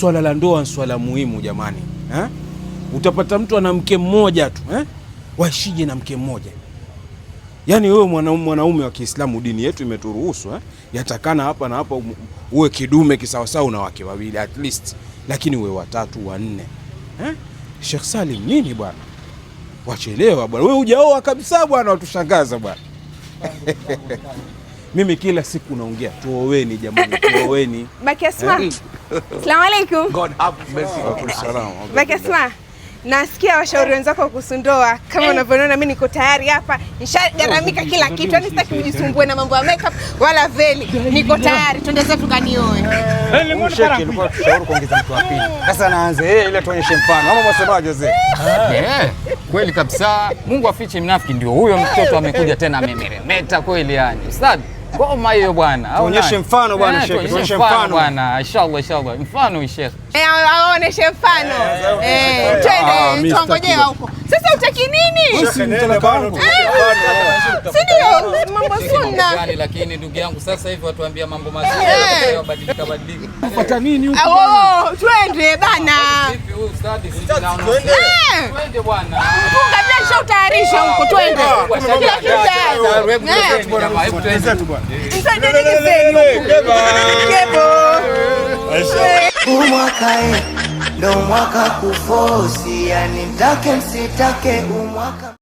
swala la ndoa ni swala muhimu jamani eh? Utapata mtu ana mke mmoja tu eh? Waishije na mke mmoja yaani, wewe mwanaume mwanaume wa Kiislamu, dini yetu imeturuhusu eh? Yatakana hapa na hapa uwe kidume kisawasawa na wake wawili at least, lakini uwe watatu wanne eh? Sheikh Salim, nini bwana, wachelewa bwana, wewe hujaoa kabisa bwana, watushangaza bwana mimi kila siku naongea tuoweni jamani, tuoweni Bakia eh? Smart Asalamu alaykum. God have mercy. Bakasma, nasikia washauri wenzako kuhusu ndoa kama eh. unavyoniona mimi niko tayari hapa, nishagaramika oh, kila kitu, yaani sitaki mjisumbue na mambo ya makeup wala veli, niko tayari, twende zetu kanioe. Eh, mtu wa sasa, naanze yeye eh, ile, tuonyeshe mfano ama mwasemaje zee? Ah, kweli kabisa, Mungu afiche mnafiki, ndio huyo mtoto amekuja tena amemeremeta kweli, yani ustadi Goma hiyo bwana. Eh, tuonyeshe mfano bwana Sheikh. Tuonyeshe mfano bwana. Inshallah inshallah. Mfano Sheikh. Eh, eh, aoneshe mfano. Eh, ah, twende tuongojea huko. Sasa utaki nini? Eh, si Ndio mambo sunna. Lakini ndugu yangu sasa hivi watuambia mambo mazuri, wabadilika badilika. Upata nini huko? Kabla eh! utayarisha huko, ah, twende ah, umwaka, ah, eh. eh, ndo mwaka kufosi, yani mtake msitake umwaka